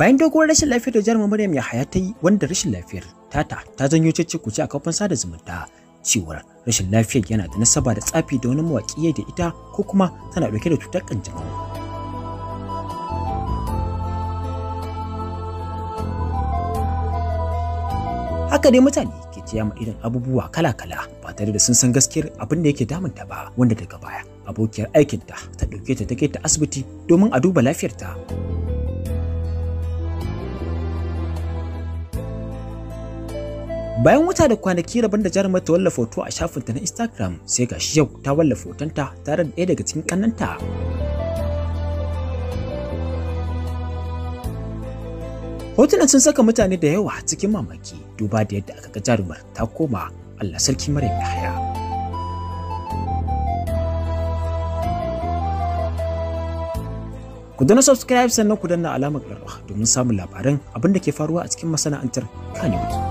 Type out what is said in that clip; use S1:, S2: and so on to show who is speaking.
S1: Bayan doguwar rashin lafiyar da jarumar Maryam Yahaya ta yi wanda rashin lafiyar tata ta janyo cece kuce a kafin sada zumunta cewar rashin lafiyar yana da nasaba da tsafi da wani mawaƙi da ita ko kuma tana dauke da cutar kanjamau. Haka dai mutane ke tiya ma irin abubuwa kala-kala ba tare da sun san gaskiyar abin da yake damunta ba wanda daga baya abokiyar aikinta ta ɗauke ta take ta asibiti domin a duba lafiyarta. ta. Bayan wuta da kwanaki rabon da jarumar ta wallafa hoto a shafin ta na Instagram sai gashi yau ta wallafa hotonta tare da ɗaya daga cikin ƙannanta. Hotunan sun saka mutane da yawa cikin mamaki duba da yadda aka ga jarumar ta koma Allah sarki Maryam Yahaya. Ku dana subscribe sannan ku danna alamar ƙarfa domin samun labaran abin da ke faruwa a cikin masana'antar Kanewood.